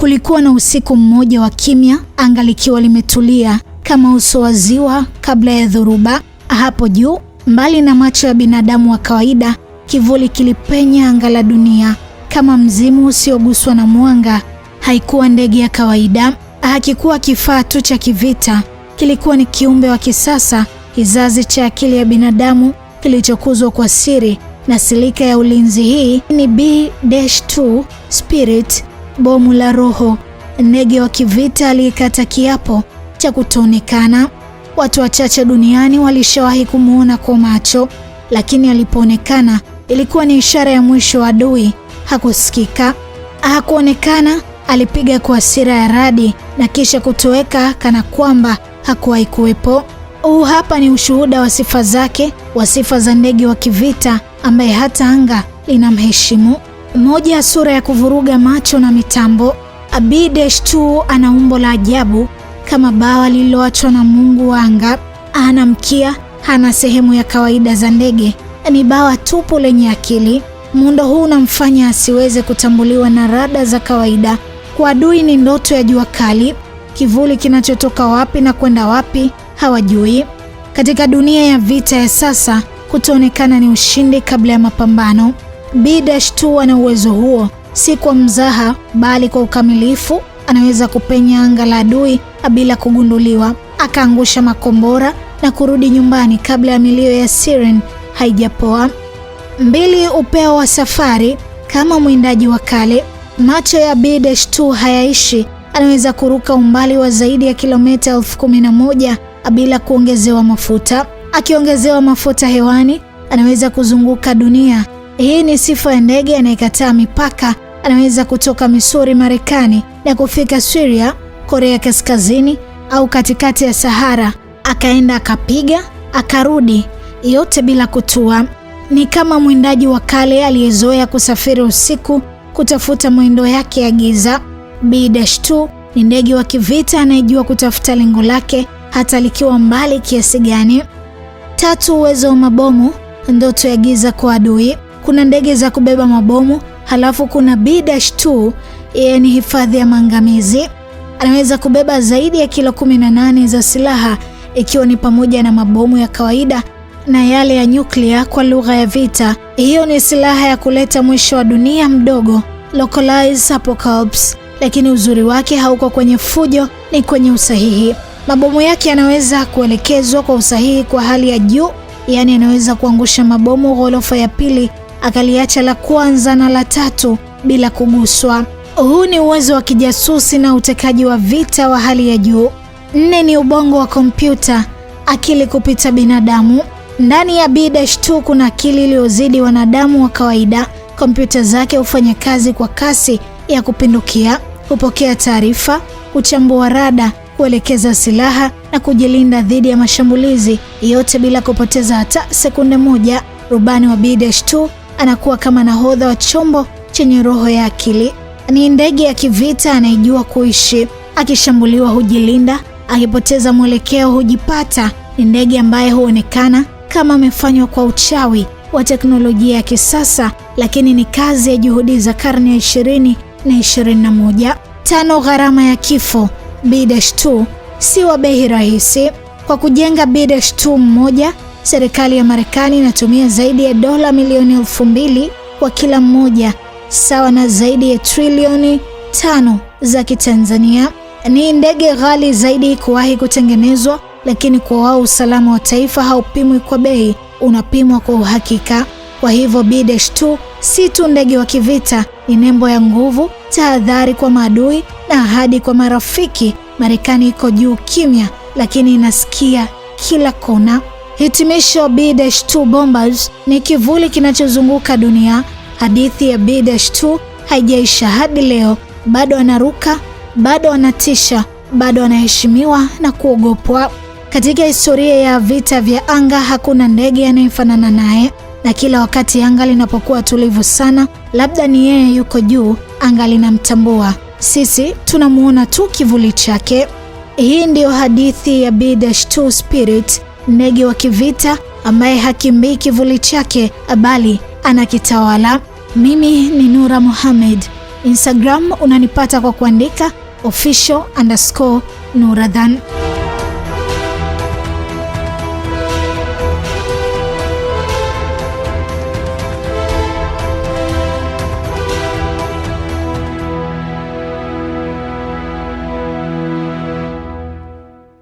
Kulikuwa na usiku mmoja wa kimya, anga likiwa limetulia kama uso wa ziwa kabla ya dhoruba. Hapo juu, mbali na macho ya binadamu wa kawaida, kivuli kilipenya anga la dunia kama mzimu usioguswa na mwanga. Haikuwa ndege ya kawaida, hakikuwa kifaa tu cha kivita, kilikuwa ni kiumbe wa kisasa, kizazi cha akili ya binadamu kilichokuzwa kwa siri, na silika ya ulinzi hii ni B-2 Spirit bomu la roho, ndege wa kivita aliyekata kiapo cha kutoonekana. Watu wachache duniani walishawahi kumwona kwa macho, lakini alipoonekana ilikuwa ni ishara ya mwisho wa adui. Hakusikika, hakuonekana. Alipiga kwa hasira ya radi na kisha kutoweka kana kwamba hakuwahi kuwepo. Huu hapa ni ushuhuda wa sifa zake, wa sifa za ndege wa kivita ambaye hata anga linamheshimu. Moja, ya sura ya kuvuruga macho na mitambo. B-2 ana umbo la ajabu kama bawa lililoachwa na Mungu wa anga. Hana mkia, hana sehemu ya kawaida za ndege, ni bawa tupu lenye akili. Muundo huu unamfanya asiweze kutambuliwa na rada za kawaida. Kwa adui ni ndoto ya jua kali, kivuli kinachotoka wapi na kwenda wapi hawajui. Katika dunia ya vita ya sasa, kutoonekana ni ushindi kabla ya mapambano. B-2 ana uwezo huo, si kwa mzaha, bali kwa ukamilifu. Anaweza kupenya anga la adui bila kugunduliwa, akaangusha makombora na kurudi nyumbani kabla ya milio ya siren haijapoa. Mbili, upeo wa safari. Kama mwindaji wa kale, macho ya B-2 hayaishi. Anaweza kuruka umbali wa zaidi ya kilomita elfu kumi na moja bila kuongezewa mafuta. Akiongezewa mafuta hewani, anaweza kuzunguka dunia hii ni sifa ya ndege anayekataa mipaka. Anaweza kutoka Misuri, Marekani na kufika Syria, Korea Kaskazini au katikati ya Sahara, akaenda akapiga, akarudi, yote bila kutua. Ni kama mwindaji wa kale aliyezoea kusafiri usiku kutafuta mwendo yake ya giza. B-2 ni ndege wa kivita anayejua kutafuta lengo lake hata likiwa mbali kiasi gani. Tatu, uwezo wa mabomu, ndoto ya giza kwa adui kuna ndege za kubeba mabomu, halafu kuna B-2, yeye ni hifadhi ya maangamizi. Anaweza kubeba zaidi ya kilo 18 za silaha ikiwa ni pamoja na mabomu ya kawaida na yale ya nyuklia kwa lugha ya vita. Hiyo ni silaha ya kuleta mwisho wa dunia mdogo, localized apocalypse, lakini uzuri wake hauko kwenye fujo, ni kwenye usahihi. Mabomu yake yanaweza kuelekezwa kwa usahihi kwa hali ya juu, yaani anaweza kuangusha mabomu ghorofa ya pili akaliacha la kwanza na la tatu bila kuguswa. Huu ni uwezo wa kijasusi na utekaji wa vita wa hali ya juu. Nne ni ubongo wa kompyuta, akili kupita binadamu. Ndani ya B-2 kuna akili iliyozidi wanadamu wa kawaida. Kompyuta zake hufanya kazi kwa kasi ya kupindukia, hupokea taarifa, huchambua rada, kuelekeza silaha na kujilinda dhidi ya mashambulizi yote bila kupoteza hata sekunde moja. Rubani wa B-2 anakuwa kama nahodha wa chombo chenye roho ya akili. Ni ndege ya kivita anayejua kuishi. Akishambuliwa hujilinda, akipoteza mwelekeo hujipata. Ni ndege ambaye huonekana kama amefanywa kwa uchawi wa teknolojia ya kisasa, lakini ni kazi ya juhudi za karne ya ishirini na ishirini na moja. Tano, gharama ya kifo B-2 si wa bei rahisi. Kwa kujenga B-2 mmoja serikali ya Marekani inatumia zaidi ya dola milioni elfu mbili kwa kila mmoja, sawa na zaidi ya trilioni tano za Kitanzania. Ni ndege ghali zaidi kuwahi kutengenezwa, lakini kwa wao usalama wa taifa haupimwi kwa bei, unapimwa kwa uhakika. Kwa hivyo B-2 si tu ndege wa kivita, ni nembo ya nguvu, tahadhari kwa maadui na ahadi kwa marafiki. Marekani iko juu kimya, lakini inasikia kila kona. Hitimisho B-2 Bombers ni kivuli kinachozunguka dunia. Hadithi ya B-2 haijaisha hadi leo, bado anaruka bado anatisha bado anaheshimiwa na kuogopwa. Katika historia ya vita vya anga hakuna ndege anayefanana naye, na kila wakati anga linapokuwa tulivu sana, labda ni yeye yuko juu, anga linamtambua. Sisi tunamuona tu kivuli chake. Hii ndiyo hadithi ya B-2 Spirit ndege wa kivita ambaye hakimbii kivuli chake, bali anakitawala. Mimi ni Nura Mohamed. Instagram unanipata kwa kuandika official underscore Nuradhan.